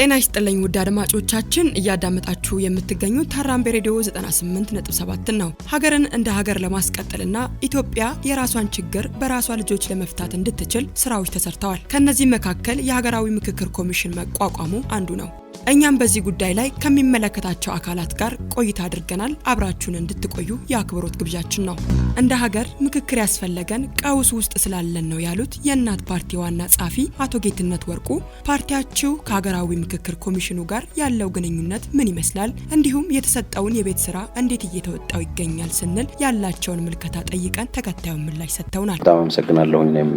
ጤና ይስጥልኝ ውድ አድማጮቻችን፣ እያዳመጣችሁ የምትገኙት ታራምቤ ሬዲዮ 98.7 ነው። ሀገርን እንደ ሀገር ለማስቀጠልና ኢትዮጵያ የራሷን ችግር በራሷ ልጆች ለመፍታት እንድትችል ስራዎች ተሰርተዋል። ከእነዚህም መካከል የሀገራዊ ምክክር ኮሚሽን መቋቋሙ አንዱ ነው። እኛም በዚህ ጉዳይ ላይ ከሚመለከታቸው አካላት ጋር ቆይታ አድርገናል። አብራችሁን እንድትቆዩ የአክብሮት ግብዣችን ነው። እንደ ሀገር ምክክር ያስፈለገን ቀውስ ውስጥ ስላለን ነው ያሉት የእናት ፓርቲ ዋና ጸሐፊ አቶ ጌትነት ወርቁ ፓርቲያችሁ ከሀገራዊ ምክክር ኮሚሽኑ ጋር ያለው ግንኙነት ምን ይመስላል፣ እንዲሁም የተሰጠውን የቤት ስራ እንዴት እየተወጣው ይገኛል ስንል ያላቸውን ምልከታ ጠይቀን ተከታዩን ምላሽ ሰጥተውናል። በጣም አመሰግናለሁ። እኔም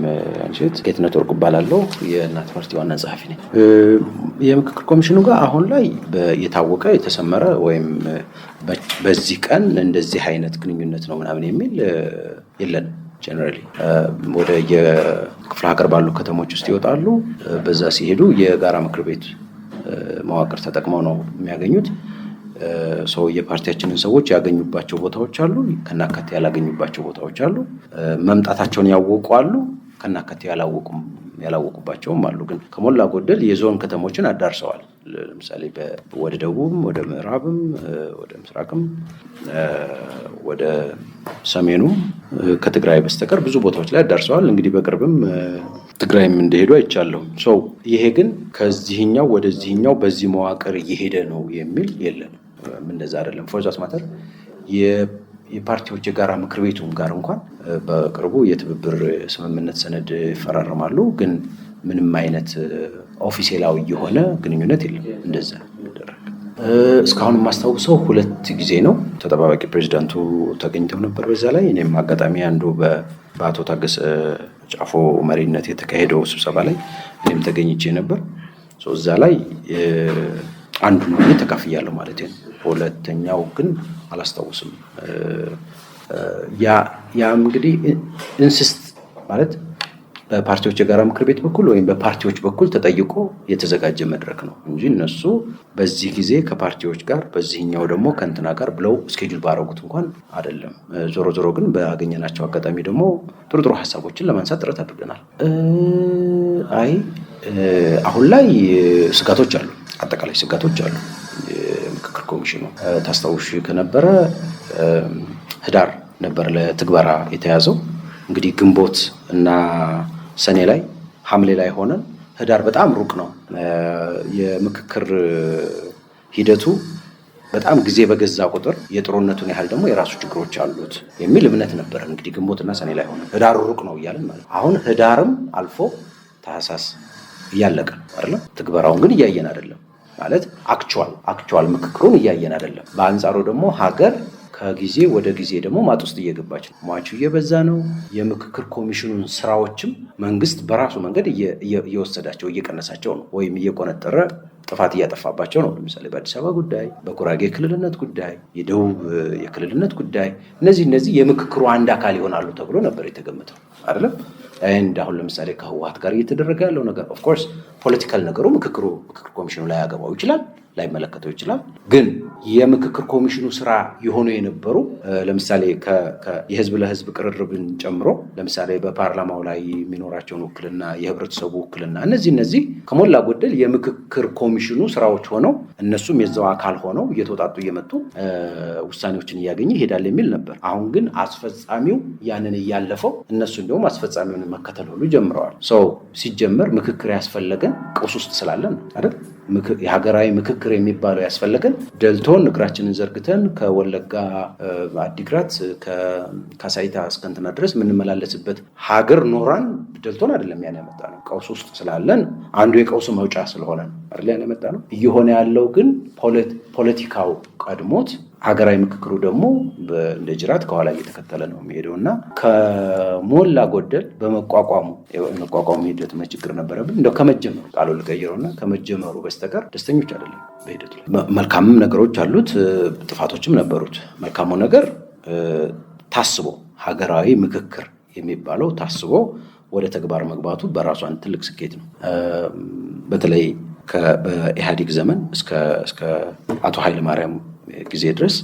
አንቺት ጌትነት ወርቁ እባላለሁ የእናት ፓርቲ ዋና ጸሐፊ ነኝ። የምክክር ኮሚሽኑ ጋር አሁን ላይ የታወቀ የተሰመረ ወይም በዚህ ቀን እንደዚህ አይነት ግንኙነት ነው ምናምን የሚል የለን ጀነራሊ ወደ የክፍለ ሀገር ባሉ ከተሞች ውስጥ ይወጣሉ። በዛ ሲሄዱ የጋራ ምክር ቤት መዋቅር ተጠቅመው ነው የሚያገኙት። ሰው የፓርቲያችንን ሰዎች ያገኙባቸው ቦታዎች አሉ፣ ከናካቴ ያላገኙባቸው ቦታዎች አሉ። መምጣታቸውን ያወቁ አሉ፣ ከናካቴ ያላወቁባቸውም አሉ። ግን ከሞላ ጎደል የዞን ከተሞችን አዳርሰዋል። ለምሳሌ ወደ ደቡብም ወደ ምዕራብም ወደ ምስራቅም ወደ ሰሜኑም ከትግራይ በስተቀር ብዙ ቦታዎች ላይ አዳርሰዋል። እንግዲህ በቅርብም ትግራይም እንደሄዱ አይቻለሁ። ሰው ይሄ ግን ከዚህኛው ወደዚህኛው በዚህ መዋቅር እየሄደ ነው የሚል የለንም። እንደዛ አይደለም። ፎርዛት ማተር የፓርቲዎች የጋራ ምክር ቤቱም ጋር እንኳን በቅርቡ የትብብር ስምምነት ሰነድ ይፈራረማሉ ግን ምንም አይነት ኦፊሴላዊ የሆነ ግንኙነት የለም። እንደዛ እስካሁን የማስታውሰው ሁለት ጊዜ ነው። ተጠባባቂ ፕሬዚዳንቱ ተገኝተው ነበር። በዛ ላይ እኔም አጋጣሚ አንዱ በአቶ ታገሰ ጫፎ መሪነት የተካሄደው ስብሰባ ላይ እኔም ተገኝቼ ነበር። እዛ ላይ አንዱ ነው ተካፍያለሁ ማለት ነው። ሁለተኛው ግን አላስታውስም። ያ እንግዲህ ኢንስስት ማለት በፓርቲዎች የጋራ ምክር ቤት በኩል ወይም በፓርቲዎች በኩል ተጠይቆ የተዘጋጀ መድረክ ነው እንጂ እነሱ በዚህ ጊዜ ከፓርቲዎች ጋር በዚህኛው ደግሞ ከእንትና ጋር ብለው እስኬጁል ባረጉት እንኳን አይደለም። ዞሮ ዞሮ ግን በአገኘናቸው አጋጣሚ ደግሞ ጥሩ ጥሩ ሀሳቦችን ለማንሳት ጥረት አድርገናል። አይ አሁን ላይ ስጋቶች አሉ፣ አጠቃላይ ስጋቶች አሉ። ምክክር ኮሚሽኑ ታስታውሽ ከነበረ ህዳር ነበር ለትግበራ የተያዘው። እንግዲህ ግንቦት እና ሰኔ ላይ ሐምሌ ላይ ሆነን ህዳር በጣም ሩቅ ነው። የምክክር ሂደቱ በጣም ጊዜ በገዛ ቁጥር የጥሩነቱን ያህል ደግሞ የራሱ ችግሮች አሉት የሚል እምነት ነበር። እንግዲህ ግንቦትና ሰኔ ላይ ሆነ ህዳሩ ሩቅ ነው እያለን ማለት አሁን ህዳርም አልፎ ታህሳስ እያለቀ ነው አይደለም። ትግበራውን ግን እያየን አይደለም ማለት አክቹዋል አክቹዋል ምክክሩን እያየን አይደለም። በአንጻሩ ደግሞ ሀገር ከጊዜ ወደ ጊዜ ደግሞ ማጥ ውስጥ እየገባች ነው። ሟቹ እየበዛ ነው። የምክክር ኮሚሽኑን ስራዎችም መንግስት በራሱ መንገድ እየወሰዳቸው እየቀነሳቸው ነው ወይም እየቆነጠረ ጥፋት እያጠፋባቸው ነው። ለምሳሌ በአዲስ አበባ ጉዳይ፣ በጉራጌ የክልልነት ጉዳይ፣ የደቡብ የክልልነት ጉዳይ እነዚህ እነዚህ የምክክሩ አንድ አካል ይሆናሉ ተብሎ ነበር የተገመተው አይደለም። እንድ አሁን ለምሳሌ ከህወሀት ጋር እየተደረገ ያለው ነገር ኦፍኮርስ ፖለቲካል ነገሩ ምክክሩ ምክክር ኮሚሽኑ ላይ ያገባው ይችላል ላይመለከተው ይችላል። ግን የምክክር ኮሚሽኑ ስራ የሆኑ የነበሩ ለምሳሌ የህዝብ ለህዝብ ቅርርብን ጨምሮ ለምሳሌ በፓርላማው ላይ የሚኖራቸውን ውክልና፣ የህብረተሰቡ ውክልና እነዚህ እነዚህ ከሞላ ጎደል የምክክር ኮሚሽኑ ስራዎች ሆነው እነሱም የዛው አካል ሆነው እየተወጣጡ እየመጡ ውሳኔዎችን እያገኘ ይሄዳል የሚል ነበር። አሁን ግን አስፈጻሚው ያንን እያለፈው እነሱ እንዲሁም አስፈጻሚውን መከተል ሁሉ ጀምረዋል። ሰው ሲጀመር ምክክር ያስፈለገን ቀውስ ውስጥ ስላለን አይደል? የሀገራዊ ምክክር የሚባለው ያስፈለገን ደልቶን እግራችንን ዘርግተን ከወለጋ አዲግራት ከሳይታ እስከንትና ድረስ የምንመላለስበት ሀገር ኖራን ደልቶን አይደለም ያን ያመጣ ነው። ቀውስ ውስጥ ስላለን አንዱ የቀውሱ መውጫ ስለሆነ ያን ያመጣ ነው። እየሆነ ያለው ግን ፖለቲካው ቀድሞት ሀገራዊ ምክክሩ ደግሞ እንደ ጅራት ከኋላ እየተከተለ ነው የሚሄደው እና ከሞላ ጎደል በመቋቋሙ የመቋቋሙ ሂደት መችግር ነበረብን። እንደው ከመጀመሩ ቃሉ ልቀይረው እና ከመጀመሩ በስተቀር ደስተኞች አይደለም። በሂደቱ መልካምም ነገሮች አሉት፣ ጥፋቶችም ነበሩት። መልካሙ ነገር ታስቦ ሀገራዊ ምክክር የሚባለው ታስቦ ወደ ተግባር መግባቱ በራሱ አንድ ትልቅ ስኬት ነው። በተለይ በኢህአዴግ ዘመን እስከ አቶ ኃይለማርያም ጊዜ ድረስ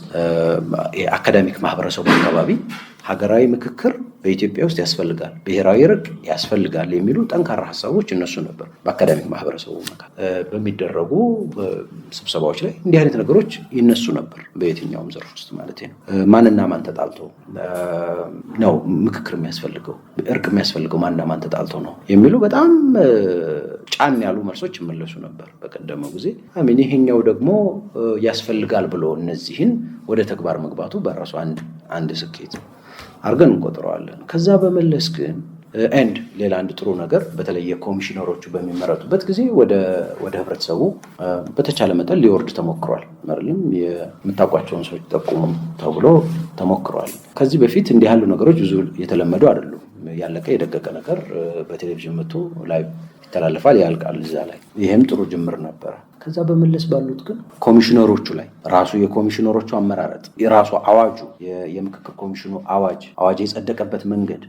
የአካዳሚክ ማህበረሰቡ አካባቢ ሀገራዊ ምክክር በኢትዮጵያ ውስጥ ያስፈልጋል፣ ብሔራዊ እርቅ ያስፈልጋል የሚሉ ጠንካራ ሀሳቦች እነሱ ነበር። በአካዳሚክ ማህበረሰቡ በሚደረጉ ስብሰባዎች ላይ እንዲህ አይነት ነገሮች ይነሱ ነበር። በየትኛውም ዘርፍ ውስጥ ማለት ነው። ማንና ማን ተጣልቶ ነው ምክክር የሚያስፈልገው? እርቅ የሚያስፈልገው ማንና ማን ተጣልቶ ነው የሚሉ በጣም ጫን ያሉ መልሶች ይመለሱ ነበር። በቀደመው ጊዜ አሚን ይሄኛው ደግሞ ያስፈልጋል ብሎ እነዚህን ወደ ተግባር መግባቱ በራሱ አንድ ስኬት ነው። አድርገን እንቆጥረዋለን። ከዛ በመለስ ግን ኤንድ ሌላ አንድ ጥሩ ነገር በተለይ የኮሚሽነሮቹ በሚመረጡበት ጊዜ ወደ ህብረተሰቡ በተቻለ መጠን ሊወርድ ተሞክሯል። መርልም የምታውቋቸውን ሰዎች ጠቁሙ ተብሎ ተሞክሯል። ከዚህ በፊት እንዲህ ያሉ ነገሮች ብዙ የተለመዱ አይደሉም። ያለቀ የደቀቀ ነገር በቴሌቪዥን መቶ ላይ ይተላለፋል፣ ያልቃል እዛ ላይ። ይህም ጥሩ ጅምር ነበረ። ከዛ በመለስ ባሉት ግን ኮሚሽነሮቹ ላይ ራሱ የኮሚሽነሮቹ አመራረጥ የራሱ አዋጁ የምክክር ኮሚሽኑ አዋጅ አዋጅ የጸደቀበት መንገድ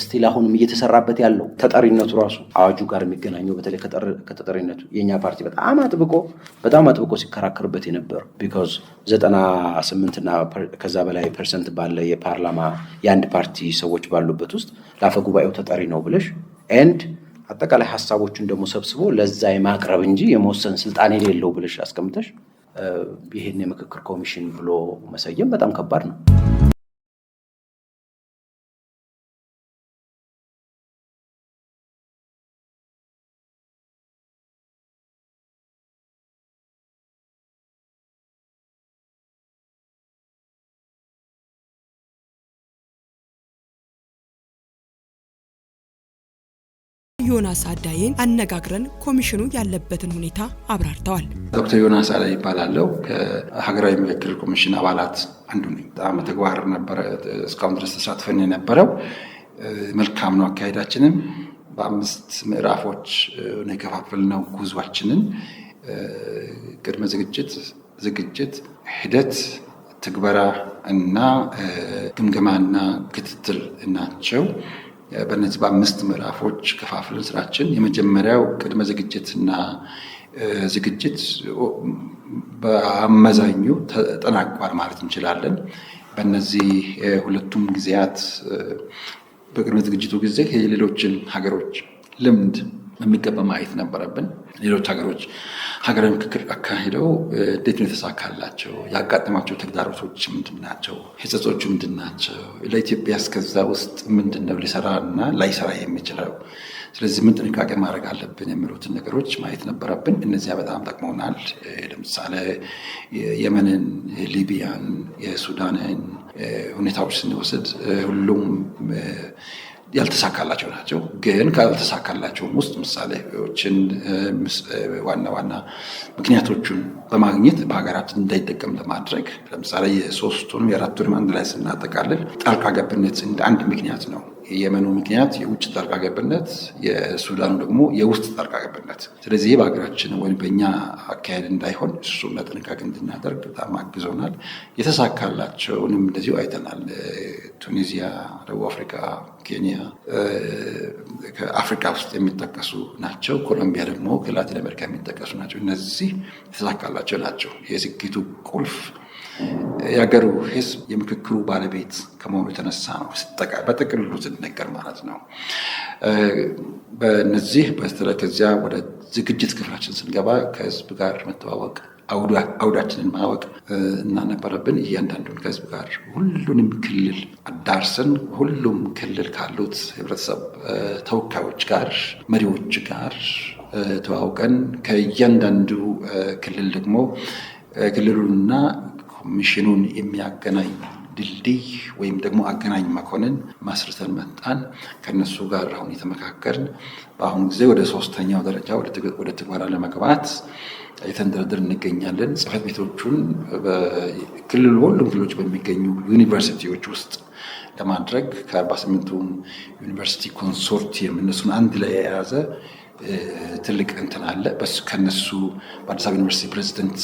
እስቲል አሁንም እየተሰራበት ያለው ተጠሪነቱ ራሱ አዋጁ ጋር የሚገናኘው በተለይ ከተጠሪነቱ የእኛ ፓርቲ በጣም አጥብቆ በጣም አጥብቆ ሲከራከርበት የነበር ቢኮዝ ዘጠና ስምንትና ከዛ በላይ ፐርሰንት ባለ የፓርላማ የአንድ ፓርቲ ሰዎች ባሉበት ውስጥ ለአፈ ጉባኤው ተጠሪ ነው ብለሽ ኤንድ አጠቃላይ ሀሳቦቹን ደግሞ ሰብስቦ ለዛ የማቅረብ እንጂ የመወሰን ስልጣን የሌለው ብለሽ አስቀምጠሽ ይህን የምክክር ኮሚሽን ብሎ መሰየም በጣም ከባድ ነው። ዮናስ አዳዬን አነጋግረን ኮሚሽኑ ያለበትን ሁኔታ አብራርተዋል። ዶክተር ዮናስ አዳይ ይባላለው ከሀገራዊ ምክክር ኮሚሽን አባላት አንዱ ነኝ። በጣም ተግባር ነበረ እስካሁን ድረስ ተሳትፈን የነበረው መልካም ነው። አካሄዳችንም በአምስት ምዕራፎች ነው የከፋፈልነው ጉዟችንን ቅድመ ዝግጅት፣ ዝግጅት፣ ሂደት፣ ትግበራ እና ግምገማና ክትትል ናቸው። በነዚህ በአምስት ምዕራፎች ከፋፍለን ስራችን የመጀመሪያው ቅድመ ዝግጅትና ዝግጅት በአመዛኙ ተጠናቋል ማለት እንችላለን። በነዚህ ሁለቱም ጊዜያት በቅድመ ዝግጅቱ ጊዜ የሌሎችን ሀገሮች ልምድ በሚገባ ማየት ነበረብን። ሌሎች ሀገሮች ሀገራዊ ምክክር አካሂደው እንዴት ነው የተሳካላቸው? ያጋጠማቸው ተግዳሮቶች ምንድን ናቸው? ህጸጾቹ ምንድን ናቸው? ለኢትዮጵያ እስከዛ ውስጥ ምንድን ነው ሊሰራ እና ላይሰራ የሚችለው? ስለዚህ ምን ጥንቃቄ ማድረግ አለብን የሚሉትን ነገሮች ማየት ነበረብን። እነዚያ በጣም ጠቅመውናል። ለምሳሌ የመንን፣ ሊቢያን፣ የሱዳንን ሁኔታዎች ስንወስድ ሁሉም ያልተሳካላቸው ናቸው። ግን ካልተሳካላቸውም ውስጥ ምሳሌዎችን ዋና ዋና ምክንያቶቹን በማግኘት በሀገራት እንዳይጠቀም ለማድረግ ለምሳሌ የሶስቱንም የአራቱንም አንድ ላይ ስናጠቃልል ጣልቃ ገብነት እንደ አንድ ምክንያት ነው የየመኑ ምክንያት የውጭ ጣልቃ ገብነት፣ የሱዳኑ ደግሞ የውስጥ ጣልቃ ገብነት። ስለዚህ ይህ በሀገራችን ወይም በእኛ አካሄድ እንዳይሆን እሱም በጥንቃቄ እንድናደርግ በጣም አግዞናል። የተሳካላቸውንም እንደዚሁ አይተናል። ቱኒዚያ፣ ደቡብ አፍሪካ፣ ኬንያ ከአፍሪካ ውስጥ የሚጠቀሱ ናቸው። ኮሎምቢያ ደግሞ ከላቲን አሜሪካ የሚጠቀሱ ናቸው። እነዚህ የተሳካላቸው ናቸው። የስኬቱ ቁልፍ የሀገሩ ህዝብ የምክክሩ ባለቤት ከመሆኑ የተነሳ ነው። በጥቅሉ ስንነገር ማለት ነው። በነዚህ በተለይ ከዚያ ወደ ዝግጅት ክፍላችን ስንገባ ከህዝብ ጋር መተዋወቅ አውዳችንን ማወቅ እናነበረብን። እያንዳንዱን ከህዝብ ጋር ሁሉንም ክልል አዳርስን ሁሉም ክልል ካሉት ህብረተሰብ ተወካዮች ጋር፣ መሪዎች ጋር ተዋውቀን ከእያንዳንዱ ክልል ደግሞ ክልሉንና ሚሽኑን የሚያገናኝ ድልድይ ወይም ደግሞ አገናኝ መኮንን መስርተን መጣን። ከነሱ ጋር አሁን የተመካከርን በአሁኑ ጊዜ ወደ ሶስተኛው ደረጃ ወደ ትግበራ ለመግባት የተንደረደር እንገኛለን። ጽሕፈት ቤቶቹን ክልሉ ሁሉም ክልሎች በሚገኙ ዩኒቨርሲቲዎች ውስጥ ለማድረግ ከአርባ ስምንቱም ዩኒቨርሲቲ ኮንሶርቲየም እነሱን አንድ ላይ የያዘ ትልቅ እንትን አለ። ከነሱ በአዲስ አበባ ዩኒቨርሲቲ ፕሬዚደንት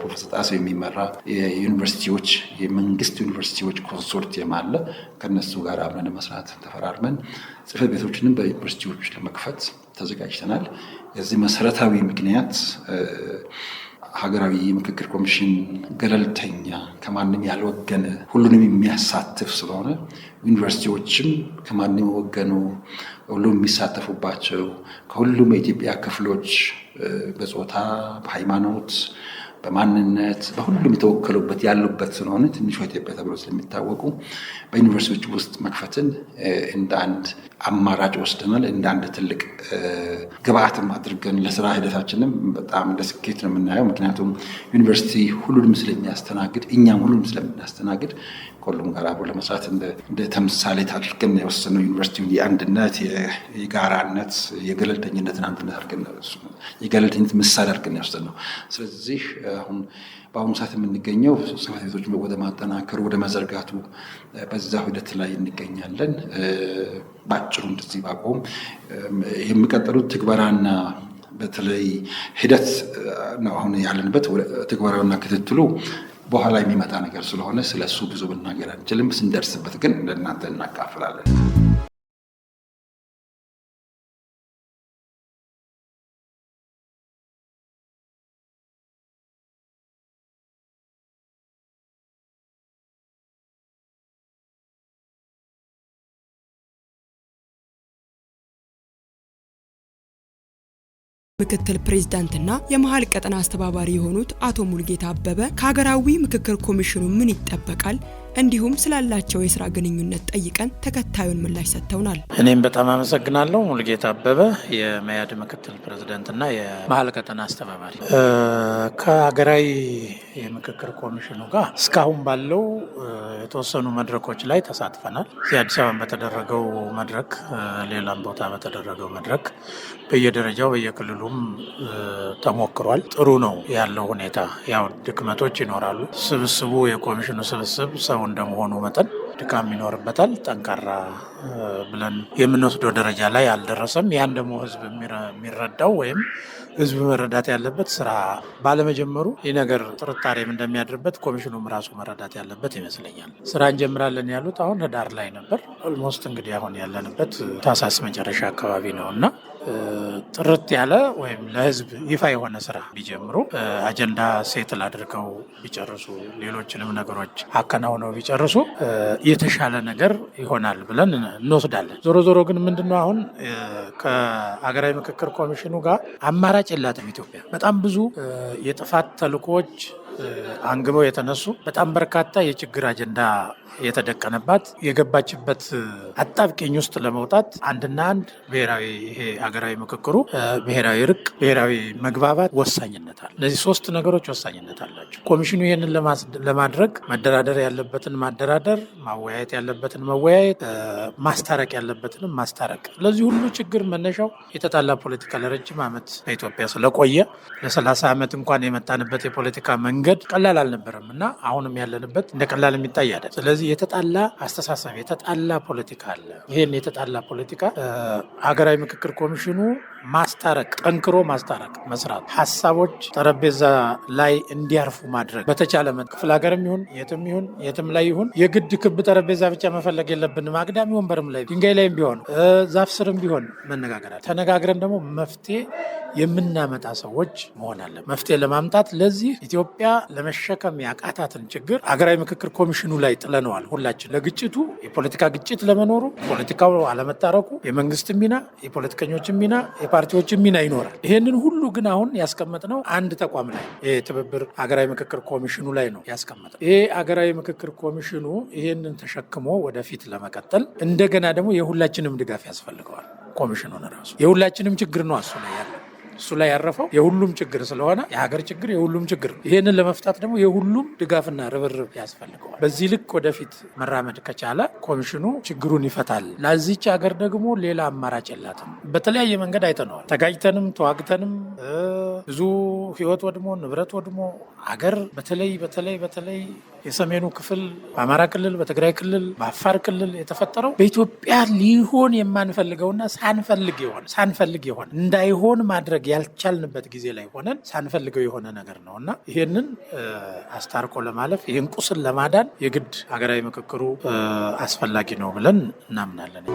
ፕሮፌሰር ጣሰው የሚመራ የዩኒቨርሲቲዎች የመንግስት ዩኒቨርሲቲዎች ኮንሶርቲየም አለ። ከነሱ ጋር አብረን መስራት ተፈራርመን ጽህፈት ቤቶችንም በዩኒቨርሲቲዎች ለመክፈት ተዘጋጅተናል። የዚህ መሰረታዊ ምክንያት ሀገራዊ የምክክር ኮሚሽን ገለልተኛ ከማንም ያልወገነ ሁሉንም የሚያሳትፍ ስለሆነ ዩኒቨርሲቲዎችም ከማንም የወገኑ ሁሉም የሚሳተፉባቸው ከሁሉም የኢትዮጵያ ክፍሎች በጾታ፣ በሃይማኖት፣ በማንነት በሁሉም የተወከሉበት ያሉበት ስለሆነ ትንሿ ኢትዮጵያ ተብሎ ስለሚታወቁ በዩኒቨርሲቲዎች ውስጥ መክፈትን እንደ አንድ አማራጭ ወስደናል። እንደ አንድ ትልቅ ግብአትም አድርገን ለስራ ሂደታችንም በጣም እንደ ስኬት ነው የምናየው። ምክንያቱም ዩኒቨርሲቲ ሁሉንም ስለሚያስተናግድ እኛም ሁሉንም ስለምናስተናግድ ከሁሉም ጋር አብሮ ለመስራት እንደ ተምሳሌት አድርገን የወሰነው ዩኒቨርሲቲውን የአንድነት፣ የጋራነት፣ የገለልተኝነትን አንድነት አድርገን የገለልተኝነት ምሳሌ አድርገን የወሰነው። ስለዚህ አሁን በአሁኑ ሰዓት የምንገኘው ጽሕፈት ቤቶች ወደ ማጠናከሩ ወደ መዘርጋቱ በዛ ሂደት ላይ እንገኛለን። በአጭሩ እንደዚህ ባቆም የሚቀጥሉት ትግበራና በተለይ ሂደት ነው። አሁን ያለንበት ትግበራና ክትትሉ በኋላ የሚመጣ ነገር ስለሆነ ስለሱ ብዙ መናገር አንችልም። ስንደርስበት ግን ለእናንተ እናካፍላለን። ምክትል ፕሬዝዳንትና የመሀል ቀጠና አስተባባሪ የሆኑት አቶ ሙልጌታ አበበ ከሀገራዊ ምክክር ኮሚሽኑ ምን ይጠበቃል? እንዲሁም ስላላቸው የስራ ግንኙነት ጠይቀን ተከታዩን ምላሽ ሰጥተውናል። እኔም በጣም አመሰግናለሁ። ሙሉጌታ አበበ የመያድ ምክትል ፕሬዝደንትና የመሀል ቀጠና አስተባባሪ ከሀገራዊ የምክክር ኮሚሽኑ ጋር እስካሁን ባለው የተወሰኑ መድረኮች ላይ ተሳትፈናል። የአዲስ አዲስ አበባ በተደረገው መድረክ፣ ሌላም ቦታ በተደረገው መድረክ በየደረጃው በየክልሉም ተሞክሯል። ጥሩ ነው ያለው ሁኔታ። ያው ድክመቶች ይኖራሉ። ስብስቡ የኮሚሽኑ ስብስብ ሰው እንደመሆኑ መጠን ድካም ይኖርበታል። ጠንካራ ብለን የምንወስደው ደረጃ ላይ አልደረሰም። ያን ደግሞ ህዝብ የሚረዳው ወይም ህዝብ መረዳት ያለበት ስራ ባለመጀመሩ ይህ ነገር ጥርጣሬም እንደሚያድርበት ኮሚሽኑም ራሱ መረዳት ያለበት ይመስለኛል። ስራ እንጀምራለን ያሉት አሁን ህዳር ላይ ነበር። ኦልሞስት እንግዲህ አሁን ያለንበት ታህሳስ መጨረሻ አካባቢ ነው እና ጥርት ያለ ወይም ለህዝብ ይፋ የሆነ ስራ ቢጀምሩ አጀንዳ ሴትል አድርገው ቢጨርሱ ሌሎችንም ነገሮች አከናውነው ቢጨርሱ የተሻለ ነገር ይሆናል ብለን እንወስዳለን። ዞሮ ዞሮ ግን ምንድነው አሁን ከሀገራዊ ምክክር ኮሚሽኑ ጋር አማራጭ የላትም ኢትዮጵያ። በጣም ብዙ የጥፋት ተልእኮዎች አንግበው የተነሱ በጣም በርካታ የችግር አጀንዳ የተደቀነባት የገባችበት አጣብቂኝ ውስጥ ለመውጣት አንድና አንድ ብሔራዊ ይሄ ሀገራዊ ምክክሩ ብሔራዊ እርቅ፣ ብሔራዊ መግባባት ወሳኝነት አለ። እነዚህ ሶስት ነገሮች ወሳኝነት አላቸው። ኮሚሽኑ ይህንን ለማድረግ መደራደር ያለበትን ማደራደር፣ ማወያየት ያለበትን መወያየት፣ ማስታረቅ ያለበትንም ማስታረቅ። ለዚህ ሁሉ ችግር መነሻው የተጣላ ፖለቲካ ለረጅም ዓመት በኢትዮጵያ ስለቆየ ለሰላሳ ዓመት እንኳን የመጣንበት የፖለቲካ መንገድ ቀላል አልነበረም እና አሁንም ያለንበት እንደ ቀላል የሚታይ አይደል። ስለዚህ የተጣላ አስተሳሰብ የተጣላ ፖለቲካ አለ። ይህን የተጣላ ፖለቲካ ሀገራዊ ምክክር ኮሚሽኑ ማስታረቅ፣ ጠንክሮ ማስታረቅ መስራት፣ ሀሳቦች ጠረጴዛ ላይ እንዲያርፉ ማድረግ በተቻለ መ ክፍለ ሀገርም ይሁን የትም ይሁን የትም ላይ ይሁን የግድ ክብ ጠረጴዛ ብቻ መፈለግ የለብንም። አግዳሚ ወንበርም ላይ ድንጋይ ላይም ቢሆን ዛፍ ስርም ቢሆን መነጋገራል። ተነጋግረን ደግሞ መፍትሄ የምናመጣ ሰዎች መሆን አለ። መፍትሄ ለማምጣት ለዚህ ኢትዮጵያ ለመሸከም ያቃታትን ችግር ሀገራዊ ምክክር ኮሚሽኑ ላይ ጥለነዋል። ሁላችን ለግጭቱ የፖለቲካ ግጭት ለመኖሩ ፖለቲካው አለመታረቁ የመንግስት ሚና የፖለቲከኞች ሚና ፓርቲዎች ሚና ይኖራል። ይህንን ሁሉ ግን አሁን ያስቀመጥነው አንድ ተቋም ላይ የትብብር ሀገራዊ ምክክር ኮሚሽኑ ላይ ነው ያስቀመጥነው። ይሄ ሀገራዊ ምክክር ኮሚሽኑ ይህንን ተሸክሞ ወደፊት ለመቀጠል እንደገና ደግሞ የሁላችንም ድጋፍ ያስፈልገዋል። ኮሚሽኑን ራሱ የሁላችንም ችግር ነው አሱ ላይ ያለ እሱ ላይ ያረፈው የሁሉም ችግር ስለሆነ የሀገር ችግር የሁሉም ችግር ነው። ይህንን ለመፍታት ደግሞ የሁሉም ድጋፍና ርብርብ ያስፈልገዋል። በዚህ ልክ ወደፊት መራመድ ከቻለ ኮሚሽኑ ችግሩን ይፈታል። ለዚች ሀገር ደግሞ ሌላ አማራጭ የላትም። በተለያየ መንገድ አይተነዋል። ተጋጅተንም ተዋግተንም ብዙ ህይወት ወድሞ ንብረት ወድሞ አገር በተለይ በተለይ በተለይ የሰሜኑ ክፍል በአማራ ክልል፣ በትግራይ ክልል፣ በአፋር ክልል የተፈጠረው በኢትዮጵያ ሊሆን የማንፈልገውና ሳንፈልግ የሆነ ሳንፈልግ የሆነ እንዳይሆን ማድረግ ያልቻልንበት ጊዜ ላይ ሆነን ሳንፈልገው የሆነ ነገር ነው እና ይህንን አስታርቆ ለማለፍ ይህን ቁስን ለማዳን የግድ ሀገራዊ ምክክሩ አስፈላጊ ነው ብለን እናምናለን።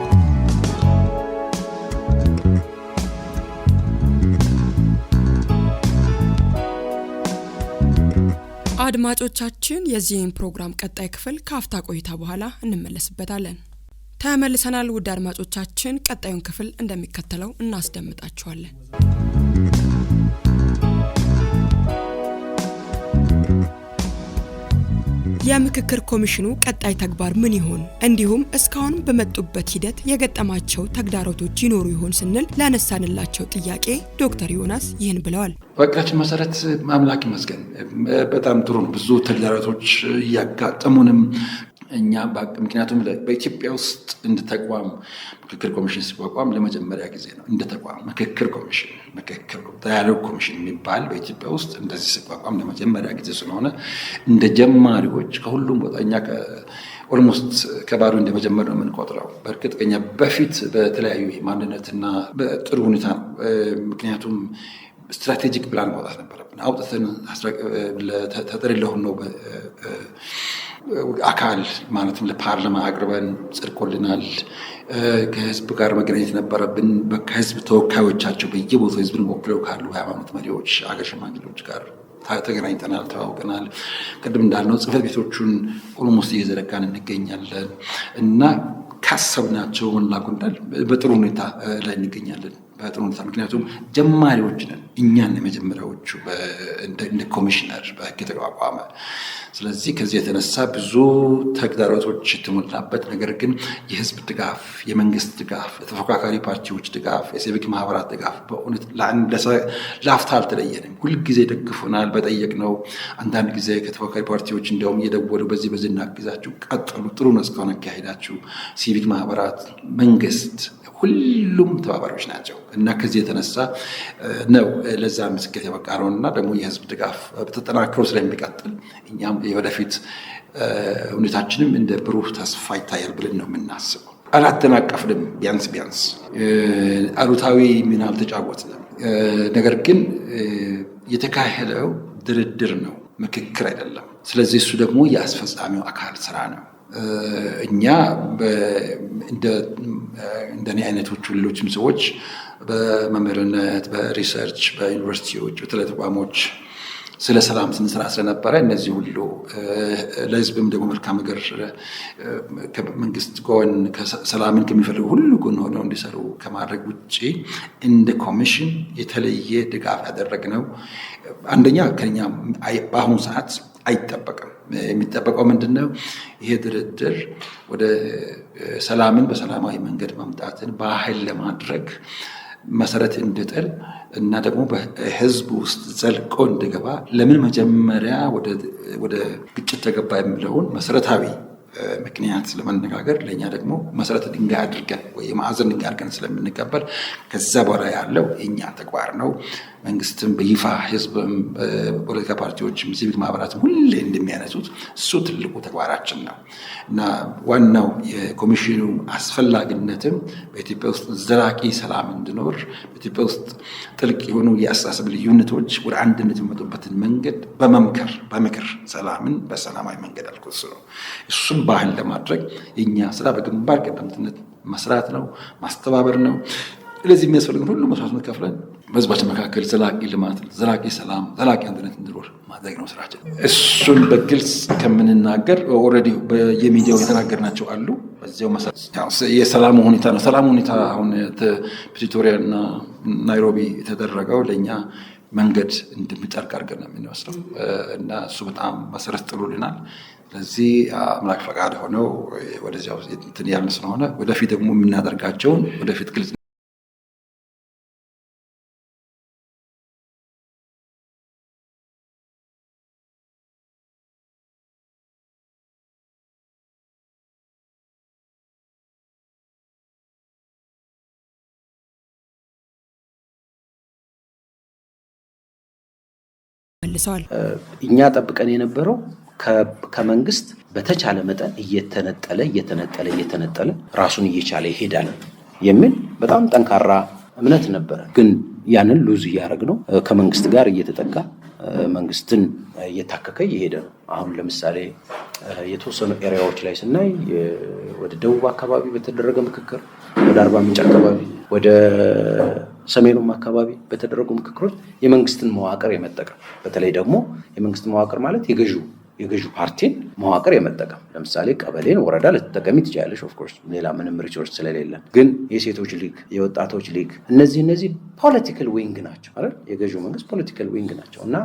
አድማጮቻችን፣ የዚህን ፕሮግራም ቀጣይ ክፍል ከአፍታ ቆይታ በኋላ እንመለስበታለን። ተመልሰናል። ውድ አድማጮቻችን፣ ቀጣዩን ክፍል እንደሚከተለው እናስደምጣችኋለን። የምክክር ኮሚሽኑ ቀጣይ ተግባር ምን ይሆን እንዲሁም እስካሁን በመጡበት ሂደት የገጠማቸው ተግዳሮቶች ይኖሩ ይሆን ስንል ላነሳንላቸው ጥያቄ ዶክተር ዮናስ ይህን ብለዋል። በቃችን መሰረት አምላክ ይመስገን በጣም ጥሩ ነው። ብዙ ተግዳሮቶች እያጋጠሙንም እኛ ምክንያቱም በኢትዮጵያ ውስጥ እንደ ተቋም ምክክር ኮሚሽን ሲቋቋም ለመጀመሪያ ጊዜ ነው። እንደ ተቋም ምክክር ኮሚሽን ምክክር ዳያሎግ ኮሚሽን የሚባል በኢትዮጵያ ውስጥ እንደዚህ ሲቋቋም ለመጀመሪያ ጊዜ ስለሆነ እንደ ጀማሪዎች ከሁሉም ቦታ እኛ ኦልሞስት ከባዶ እንደመጀመር ነው የምንቆጥረው። በእርግጥ ከኛ በፊት በተለያዩ ማንነትና በጥሩ ሁኔታ ነው። ምክንያቱም ስትራቴጂክ ፕላን ማውጣት ነበረብን አውጥተን ተጠሪለሁን ነው አካል ማለትም ለፓርላማ አቅርበን ጽድቆልናል። ከህዝብ ጋር መገናኘት ነበረብን። ከህዝብ ተወካዮቻቸው በየቦታው ህዝብን ወክለው ካሉ ሃይማኖት መሪዎች፣ አገር ሽማግሌዎች ጋር ተገናኝተናል፣ ተዋውቀናል። ቅድም እንዳልነው ጽህፈት ቤቶቹን ኦልሞስት እየዘረጋን እንገኛለን እና ካሰብናቸው መላኩ እንዳል በጥሩ ሁኔታ ላይ እንገኛለን። በጥሩ ሁኔታ ምክንያቱም ጀማሪዎች ነን። እኛን የመጀመሪያዎቹ እንደ ኮሚሽነር በህግ የተቋቋመ። ስለዚህ ከዚህ የተነሳ ብዙ ተግዳሮቶች የተሞላበት ነገር ግን የህዝብ ድጋፍ፣ የመንግስት ድጋፍ፣ የተፎካካሪ ፓርቲዎች ድጋፍ፣ የሲቪክ ማህበራት ድጋፍ በእውነት ለአፍታ አልተለየንም። ሁልጊዜ ደግፉናል። ነው አንዳንድ ጊዜ ከተፎካካሪ ፓርቲዎች እንዲያውም እየደወሉ በዚህ በዚህ እናግዛችሁ፣ ቀጥሉ፣ ጥሩ ነው እስካሁን አካሄዳችሁ፣ ሲቪክ ማህበራት፣ መንግስት ሁሉም ተባባሪዎች ናቸው። እና ከዚህ የተነሳ ነው ለዛ ምስገት የበቃ ነው እና ደግሞ የህዝብ ድጋፍ ተጠናክሮ ስለሚቀጥል እኛም የወደፊት ሁኔታችንም እንደ ብሩህ ተስፋ ይታያል ብለን ነው የምናስበው። አቀፍልም ቢያንስ ቢያንስ አሉታዊ ሚና አልተጫወትንም። ነገር ግን የተካሄደው ድርድር ነው፣ ምክክር አይደለም። ስለዚህ እሱ ደግሞ የአስፈጻሚው አካል ስራ ነው። እኛ እንደኔ አይነቶቹ ሌሎችም ሰዎች በመምህርነት፣ በሪሰርች፣ በዩኒቨርሲቲዎች፣ በተለይ ተቋሞች ስለ ሰላም ስንሰራ ስለነበረ እነዚህ ሁሉ ለህዝብም ደግሞ መልካም ነገር ከመንግስት ጎን ሰላምን ከሚፈልጉ ሁሉ ጎን ሆነው እንዲሰሩ ከማድረግ ውጭ እንደ ኮሚሽን የተለየ ድጋፍ ያደረግነው አንደኛ ከኛ በአሁኑ ሰዓት አይጠበቅም። የሚጠበቀው ምንድን ነው? ይሄ ድርድር ወደ ሰላምን በሰላማዊ መንገድ ማምጣትን ባህል ለማድረግ መሰረት እንድጥል እና ደግሞ በህዝብ ውስጥ ዘልቆ እንዲገባ ለምን መጀመሪያ ወደ ግጭት ተገባ የሚለውን መሰረታዊ ምክንያት ለመነጋገር ለእኛ ደግሞ መሰረተ ድንጋይ አድርገን ወይ የማዕዘን ድንጋይ አድርገን ስለምንቀበል ከዛ በኋላ ያለው የእኛ ተግባር ነው። መንግስትም በይፋ ህዝብም፣ ፖለቲካ ፓርቲዎችም፣ ሲቪክ ማህበራትም ሁሌ እንደሚያነሱት እሱ ትልቁ ተግባራችን ነው እና ዋናው የኮሚሽኑ አስፈላጊነትም በኢትዮጵያ ውስጥ ዘላቂ ሰላም እንዲኖር በኢትዮጵያ ውስጥ ጥልቅ የሆኑ የአስተሳሰብ ልዩነቶች ወደ አንድነት የሚመጡበትን መንገድ በመምከር በምክር ሰላምን በሰላማዊ መንገድ አልኩስ እሱ ነው። እሱም ባህል ለማድረግ የኛ ስራ በግንባር ቀደምትነት መስራት ነው፣ ማስተባበር ነው። ስለዚህ የሚያስፈልግን ሁሉ መስዋዕትነት ከፍለን በህዝባችን መካከል ዘላቂ ልማት፣ ዘላቂ ሰላም፣ ዘላቂ አንድነት እንዲኖር ማድረግ ነው ስራችን። እሱን በግልጽ ከምንናገር ኦልሬዲ በየሚዲያው የተናገርናቸው አሉ። በዚያው የሰላሙ ሁኔታ ነው። ሰላሙ ሁኔታ አሁን ፕሪቶሪያ እና ናይሮቢ የተደረገው ለእኛ መንገድ እንደሚጠርቅ አድርገን ነው የምንወስደው እና እሱ በጣም መሰረት ጥሉልናል። ስለዚህ አምላክ ፈቃድ ሆነው ወደዚያው እንትን ያልን ስለሆነ ወደፊት ደግሞ የምናደርጋቸውን ወደፊት ግልጽ መልሰዋል። እኛ ጠብቀን የነበረው ከመንግስት በተቻለ መጠን እየተነጠለ እየተነጠለ እየተነጠለ ራሱን እየቻለ ይሄዳል የሚል በጣም ጠንካራ እምነት ነበረ። ግን ያንን ሉዝ እያደረግ ነው። ከመንግስት ጋር እየተጠጋ መንግስትን እየታከከ እየሄደ ነው። አሁን ለምሳሌ የተወሰኑ ኤሪያዎች ላይ ስናይ ወደ ደቡብ አካባቢ በተደረገ ምክክር፣ ወደ አርባ ምንጭ አካባቢ፣ ወደ ሰሜኑም አካባቢ በተደረጉ ምክክሮች የመንግስትን መዋቅር የመጠቀም በተለይ ደግሞ የመንግስት መዋቅር ማለት የገዥ የገዥ ፓርቲን መዋቅር የመጠቀም ለምሳሌ ቀበሌን፣ ወረዳ ልትጠቀሚ ትችላለች። ኦፍኮርስ ሌላ ምንም ሪሶርስ ስለሌለን፣ ግን የሴቶች ሊግ፣ የወጣቶች ሊግ እነዚህ እነዚህ ፖለቲካል ዊንግ ናቸው አይደል? የገዥ መንግስት ፖለቲካል ዊንግ ናቸው እና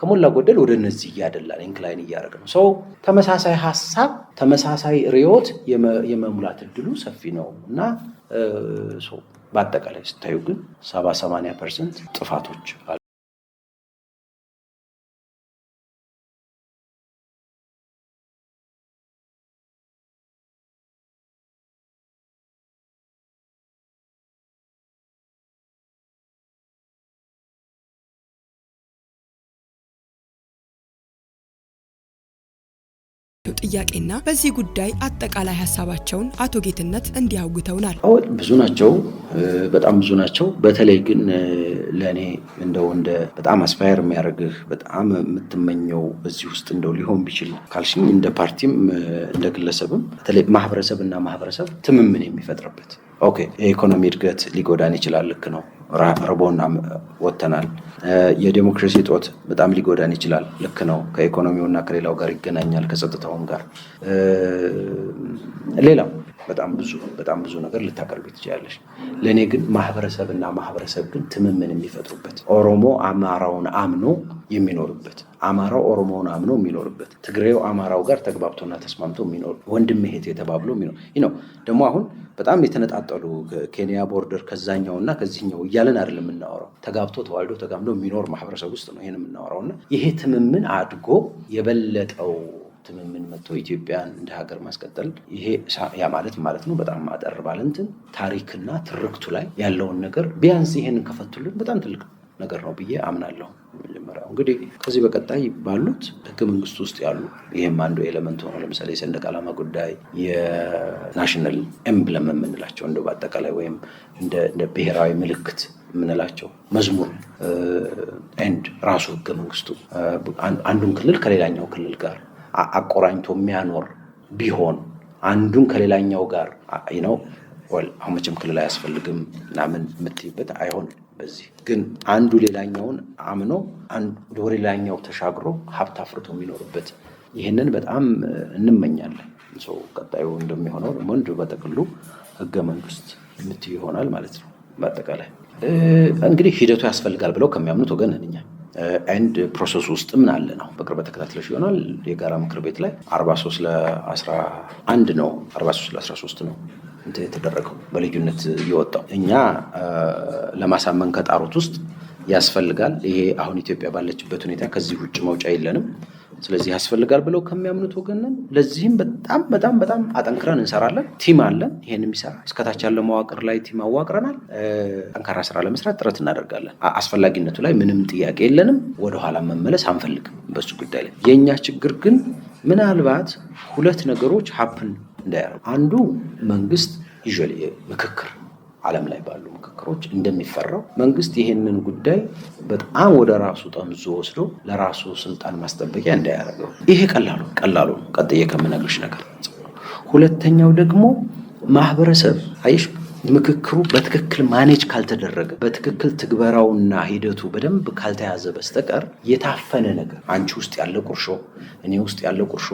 ከሞላ ጎደል ወደ እነዚህ እያደላል ኢንክላይን እያደረገ ነው። ሰው ተመሳሳይ ሀሳብ ተመሳሳይ ርዕዮት የመሙላት እድሉ ሰፊ ነው እና በአጠቃላይ ስታዩ ግን ሰባ ሰማንያ ፐርሰንት ጥፋቶች አሉ። ጥያቄና በዚህ ጉዳይ አጠቃላይ ሀሳባቸውን አቶ ጌትነት እንዲያውግተውናል። ብዙ ናቸው፣ በጣም ብዙ ናቸው። በተለይ ግን ለእኔ እንደው እንደ በጣም አስፓየር የሚያደርግህ በጣም የምትመኘው በዚህ ውስጥ እንደው ሊሆን ቢችል ካልሽኝ እንደ ፓርቲም እንደ ግለሰብም በተለይ ማህበረሰብ እና ማህበረሰብ ትምምን የሚፈጥርበት ኦኬ፣ የኢኮኖሚ እድገት ሊጎዳን ይችላል። ልክ ነው። ርቦና ወጥተናል። የዴሞክራሲ እጦት በጣም ሊጎዳን ይችላል። ልክ ነው። ከኢኮኖሚውና ከሌላው ጋር ይገናኛል፣ ከጸጥታውም ጋር ሌላም በጣም ብዙ በጣም ብዙ ነገር ልታቀርቢ ትችላለች። ለእኔ ግን ማህበረሰብና ማህበረሰብ ግን ትምምን የሚፈጥሩበት ኦሮሞ አማራውን አምኖ የሚኖርበት አማራው ኦሮሞውን አምኖ የሚኖርበት ትግሬው አማራው ጋር ተግባብቶና ተስማምቶ የሚኖር ወንድም እህት የተባብሎ የሚኖር ነው። ደግሞ አሁን በጣም የተነጣጠሉ ኬንያ ቦርደር ከዛኛውና ከዚህኛው እያለን አይደለም የምናወራው። ተጋብቶ ተዋልዶ ተጋምዶ የሚኖር ማህበረሰብ ውስጥ ነው ይሄን የምናወራው እና ይሄ ትምምን አድጎ የበለጠው ትምምን መጥቶ ኢትዮጵያን እንደ ሀገር ማስቀጠል ይሄ ያ ማለት ማለት ነው። በጣም አጠር ባለንትን ታሪክና ትርክቱ ላይ ያለውን ነገር ቢያንስ ይሄንን ከፈቱልን በጣም ትልቅ ነገር ነው ብዬ አምናለሁ። መጀመሪያ እንግዲህ ከዚህ በቀጣይ ባሉት ህገ መንግስት ውስጥ ያሉ ይህም አንዱ ኤሌመንት ሆኖ ለምሳሌ የሰንደቅ ዓላማ ጉዳይ የናሽናል ኤምብለም የምንላቸው እንደ በአጠቃላይ ወይም እንደ ብሔራዊ ምልክት የምንላቸው መዝሙር ኤንድ ራሱ ህገ መንግስቱ አንዱን ክልል ከሌላኛው ክልል ጋር አቆራኝቶ የሚያኖር ቢሆን አንዱን ከሌላኛው ጋር ነው አሁን መቼም ክልል አያስፈልግም ምናምን የምትይበት አይሆንም። በዚህ ግን አንዱ ሌላኛውን አምኖ ወደ ሌላኛው ተሻግሮ ሀብት አፍርቶ የሚኖርበት ይህንን በጣም እንመኛለን። ቀጣዩ እንደሚሆነው ደግሞ እንዲሁ በጥቅሉ ህገ መንግስት የምትይ ይሆናል ማለት ነው። በአጠቃላይ እንግዲህ ሂደቱ ያስፈልጋል ብለው ከሚያምኑት ወገን እኛ ኤንድ uh, ፕሮሰስ ውስጥ ምን አለ ነው። በቅርበት ተከታትለሽ ይሆናል። የጋራ ምክር ቤት ላይ 43 ለ11 ነው 43 ለ13 ነው የተደረገው በልዩነት የወጣው እኛ uh, ለማሳመን ከጣሩት ውስጥ ያስፈልጋል። ይሄ አሁን ኢትዮጵያ ባለችበት ሁኔታ ከዚህ ውጭ መውጫ የለንም። ስለዚህ ያስፈልጋል ብለው ከሚያምኑት ወገን ለዚህም በጣም በጣም በጣም አጠንክረን እንሰራለን። ቲም አለን፣ ይሄን የሚሰራ እስከታች ያለ መዋቅር ላይ ቲም አዋቅረናል። ጠንካራ ስራ ለመስራት ጥረት እናደርጋለን። አስፈላጊነቱ ላይ ምንም ጥያቄ የለንም። ወደኋላ መመለስ አንፈልግም በሱ ጉዳይ ላይ። የእኛ ችግር ግን ምናልባት ሁለት ነገሮች ሀፕን እንዳያደርጉ፣ አንዱ መንግስት ይዤ ምክክር ዓለም ላይ ባሉ ምክክሮች እንደሚፈራው መንግስት ይህንን ጉዳይ በጣም ወደ ራሱ ጠምዞ ወስዶ ለራሱ ስልጣን ማስጠበቂያ እንዳያደርገው። ይሄ ቀላሉ ቀላሉ ቀጥዬ ከምነግርሽ ነገር ሁለተኛው ደግሞ ማህበረሰብ አይሽ ምክክሩ በትክክል ማኔጅ ካልተደረገ በትክክል ትግበራውና ሂደቱ በደንብ ካልተያዘ በስተቀር የታፈነ ነገር አንቺ ውስጥ ያለ ቁርሾ፣ እኔ ውስጥ ያለ ቁርሾ፣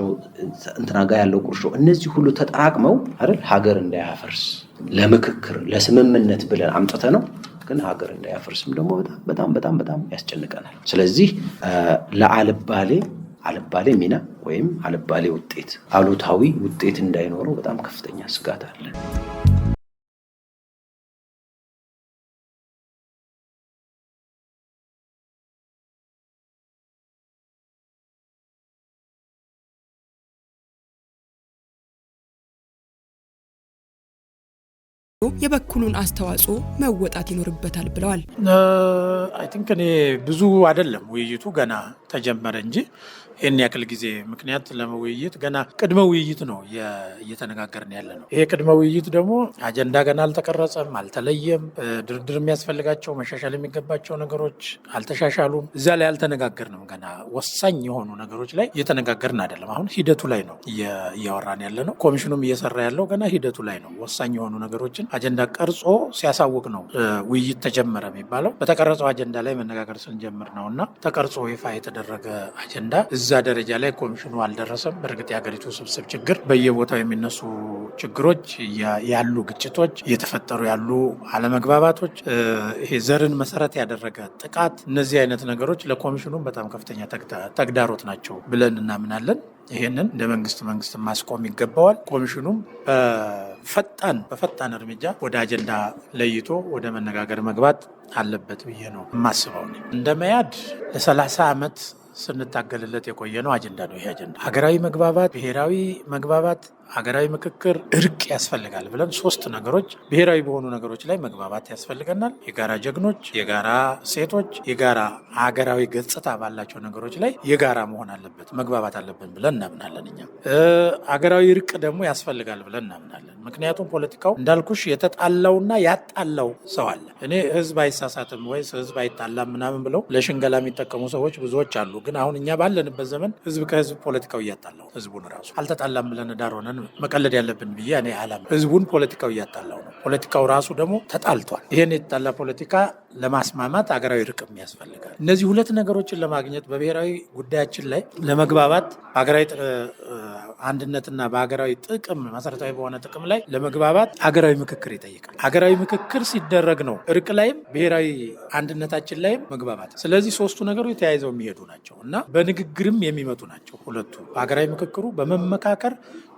እንትና ጋ ያለው ቁርሾ እነዚህ ሁሉ ተጠራቅመው አይደል ሀገር እንዳያፈርስ ለምክክር ለስምምነት ብለን አምጥተ ነው ግን ሀገር እንዳያፈርስም ደግሞ በጣም በጣም በጣም ያስጨንቀናል። ስለዚህ ለአልባሌ አልባሌ ሚና ወይም አልባሌ ውጤት አሉታዊ ውጤት እንዳይኖረው በጣም ከፍተኛ ስጋት አለ። የበኩሉን አስተዋጽኦ መወጣት ይኖርበታል ብለዋል። አይ ቲንክ እኔ ብዙ አይደለም ውይይቱ ገና ተጀመረ እንጂ ይህን ያክል ጊዜ ምክንያት ለመውይይት ገና ቅድመ ውይይት ነው እየተነጋገርን ያለ ነው። ይሄ ቅድመ ውይይት ደግሞ አጀንዳ ገና አልተቀረጸም፣ አልተለየም። ድርድር የሚያስፈልጋቸው መሻሻል የሚገባቸው ነገሮች አልተሻሻሉም። እዚያ ላይ አልተነጋገርንም። ገና ወሳኝ የሆኑ ነገሮች ላይ እየተነጋገርን አይደለም። አሁን ሂደቱ ላይ ነው እያወራን ያለ ነው። ኮሚሽኑም እየሰራ ያለው ገና ሂደቱ ላይ ነው። ወሳኝ የሆኑ ነገሮችን አጀንዳ ቀርጾ ሲያሳውቅ ነው ውይይት ተጀመረ የሚባለው። በተቀረጸው አጀንዳ ላይ መነጋገር ስንጀምር ነው እና ተቀርጾ ይፋ የተደረገ አጀንዳ እዛ ደረጃ ላይ ኮሚሽኑ አልደረሰም። በእርግጥ የሀገሪቱ ስብስብ ችግር በየቦታው የሚነሱ ችግሮች ያሉ ግጭቶች፣ እየተፈጠሩ ያሉ አለመግባባቶች፣ ይሄ ዘርን መሰረት ያደረገ ጥቃት፣ እነዚህ አይነት ነገሮች ለኮሚሽኑም በጣም ከፍተኛ ተግዳሮት ናቸው ብለን እናምናለን። ይህንን እንደ መንግስት መንግስት ማስቆም ይገባዋል። ኮሚሽኑም በፈጣን በፈጣን እርምጃ ወደ አጀንዳ ለይቶ ወደ መነጋገር መግባት አለበት ብዬ ነው የማስበው። እንደ መያድ ለሰላሳ ዓመት ስንታገልለት የቆየ ነው አጀንዳ ነው። ይሄ አጀንዳ ሀገራዊ መግባባት፣ ብሔራዊ መግባባት ሀገራዊ ምክክር፣ እርቅ ያስፈልጋል ብለን ሶስት ነገሮች ብሔራዊ በሆኑ ነገሮች ላይ መግባባት ያስፈልገናል። የጋራ ጀግኖች፣ የጋራ ሴቶች፣ የጋራ ሀገራዊ ገጽታ ባላቸው ነገሮች ላይ የጋራ መሆን አለበት መግባባት አለብን ብለን እናምናለን። እኛ ሀገራዊ እርቅ ደግሞ ያስፈልጋል ብለን እናምናለን። ምክንያቱም ፖለቲካው እንዳልኩሽ የተጣላውና ያጣላው ሰው አለ። እኔ ህዝብ አይሳሳትም ወይስ ህዝብ አይጣላም ምናምን ብለው ለሽንገላ የሚጠቀሙ ሰዎች ብዙዎች አሉ። ግን አሁን እኛ ባለንበት ዘመን ህዝብ ከህዝብ ፖለቲካው እያጣላው ህዝቡን ራሱ አልተጣላም ብለን ዳር ሆነ አብረን መቀለድ ያለብን ብዬ እኔ አላም ህዝቡን ፖለቲካው እያጣላው ነው። ፖለቲካው ራሱ ደግሞ ተጣልቷል። ይህን የተጣላ ፖለቲካ ለማስማማት አገራዊ ርቅም ያስፈልጋል። እነዚህ ሁለት ነገሮችን ለማግኘት በብሔራዊ ጉዳያችን ላይ ለመግባባት በሀገራዊ አንድነትና በሀገራዊ ጥቅም መሰረታዊ በሆነ ጥቅም ላይ ለመግባባት ሀገራዊ ምክክር ይጠይቃል። ሀገራዊ ምክክር ሲደረግ ነው እርቅ ላይም ብሔራዊ አንድነታችን ላይም መግባባት። ስለዚህ ሶስቱ ነገሮች ተያይዘው የሚሄዱ ናቸው እና በንግግርም የሚመጡ ናቸው ሁለቱ በሀገራዊ ምክክሩ በመመካከር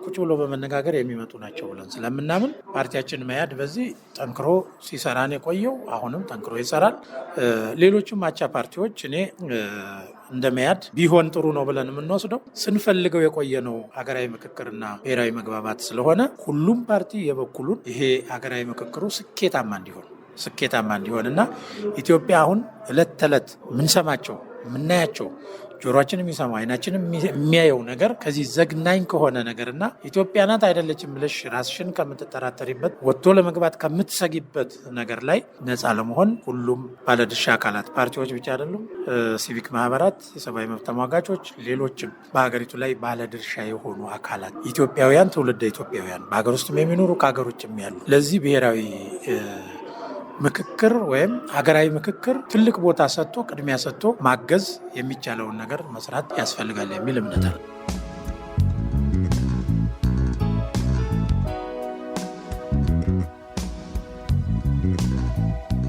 ቁጭ ብሎ በመነጋገር የሚመጡ ናቸው ብለን ስለምናምን ፓርቲያችን መያድ በዚህ ጠንክሮ ሲሰራን የቆየው አሁንም ጠንክሮ ይሰራል። ሌሎችም አቻ ፓርቲዎች እኔ እንደ መያድ ቢሆን ጥሩ ነው ብለን የምንወስደው ስንፈልገው የቆየነው ሀገራዊ ምክክርና ብሔራዊ መግባባት ስለሆነ ሁሉም ፓርቲ የበኩሉን ይሄ ሀገራዊ ምክክሩ ስኬታማ እንዲሆን ስኬታማ እንዲሆን እና ኢትዮጵያ አሁን እለት ተዕለት የምንሰማቸው የምናያቸው ጆሮችን የሚሰማ አይናችን የሚያየው ነገር ከዚህ ዘግናኝ ከሆነ ነገር እና ኢትዮጵያ ናት አይደለችም ብለሽ ራስሽን ከምትጠራጠሪበት ወጥቶ ለመግባት ከምትሰጊበት ነገር ላይ ነፃ ለመሆን ሁሉም ባለድርሻ አካላት ፓርቲዎች ብቻ አይደሉም፣ ሲቪክ ማህበራት፣ የሰብአዊ መብት ተሟጋቾች፣ ሌሎችም በሀገሪቱ ላይ ባለድርሻ የሆኑ አካላት ኢትዮጵያውያን፣ ትውልደ ኢትዮጵያውያን በሀገር ውስጥም የሚኖሩ ከሀገር ውጭም ያሉ ለዚህ ብሔራዊ ምክክር ወይም ሀገራዊ ምክክር ትልቅ ቦታ ሰጥቶ ቅድሚያ ሰጥቶ ማገዝ የሚቻለውን ነገር መስራት ያስፈልጋል የሚል እምነት አለ።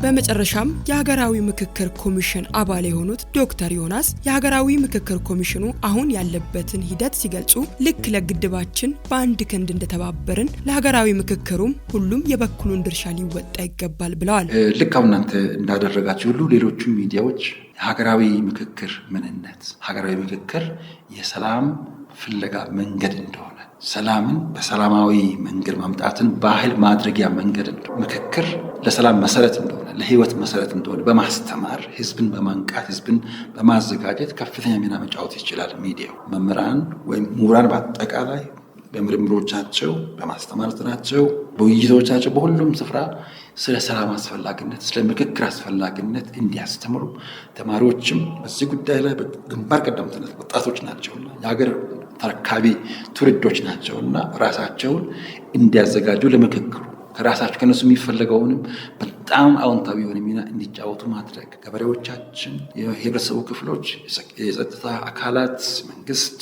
በመጨረሻም የሀገራዊ ምክክር ኮሚሽን አባል የሆኑት ዶክተር ዮናስ የሀገራዊ ምክክር ኮሚሽኑ አሁን ያለበትን ሂደት ሲገልጹ ልክ ለግድባችን በአንድ ክንድ እንደተባበርን ለሀገራዊ ምክክሩም ሁሉም የበኩሉን ድርሻ ሊወጣ ይገባል ብለዋል። ልክ አሁን እናንተ እንዳደረጋችሁ ሁሉ ሌሎቹ ሚዲያዎች የሀገራዊ ምክክር ምንነት፣ ሀገራዊ ምክክር የሰላም ፍለጋ መንገድ እንደሆነ ሰላምን በሰላማዊ መንገድ ማምጣትን ባህል ማድረጊያ መንገድ ምክክር ለሰላም መሰረት እንደሆነ ለህይወት መሰረት እንደሆነ በማስተማር ህዝብን በማንቃት ህዝብን በማዘጋጀት ከፍተኛ ሚና መጫወት ይችላል። ሚዲያው መምህራን ወይም ምሁራን በአጠቃላይ በምርምሮቻቸው በማስተማር ስራቸው፣ በውይይቶቻቸው በሁሉም ስፍራ ስለ ሰላም አስፈላጊነት፣ ስለ ምክክር አስፈላጊነት እንዲያስተምሩ ተማሪዎችም በዚህ ጉዳይ ላይ ግንባር ቀደምትነት ወጣቶች ናቸውና የሀገር ተረካቢ ትውልዶች ናቸውና ራሳቸውን እንዲያዘጋጁ ለምክክሩ ከራሳቸው ከነሱ የሚፈለገውንም በጣም አዎንታዊ የሆነ ሚና እንዲጫወቱ ማድረግ ገበሬዎቻችን፣ የህብረተሰቡ ክፍሎች፣ የጸጥታ አካላት፣ መንግስት፣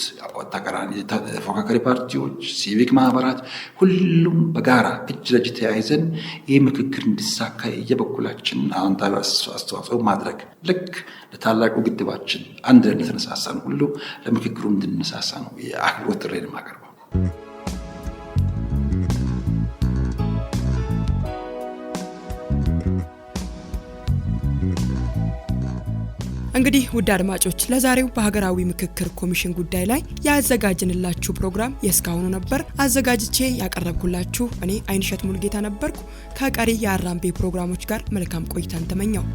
ተፎካካሪ ፓርቲዎች፣ ሲቪክ ማህበራት፣ ሁሉም በጋራ እጅ ለእጅ ተያይዘን ይህ ምክክር እንዲሳካ የበኩላችን አዎንታዊ አስተዋጽኦ ማድረግ ልክ ለታላቁ ግድባችን አንድ እንደተነሳሳን ሁሉ ለምክክሩ እንድንነሳሳ ነው የአክብሮት ጥሬን ማቀርበው። እንግዲህ ውድ አድማጮች ለዛሬው በሀገራዊ ምክክር ኮሚሽን ጉዳይ ላይ ያዘጋጅንላችሁ ፕሮግራም የእስካሁኑ ነበር። አዘጋጅቼ ያቀረብኩላችሁ እኔ አይንሸት ሙልጌታ ነበርኩ። ከቀሪ የአራምቤ ፕሮግራሞች ጋር መልካም ቆይታን ተመኘው።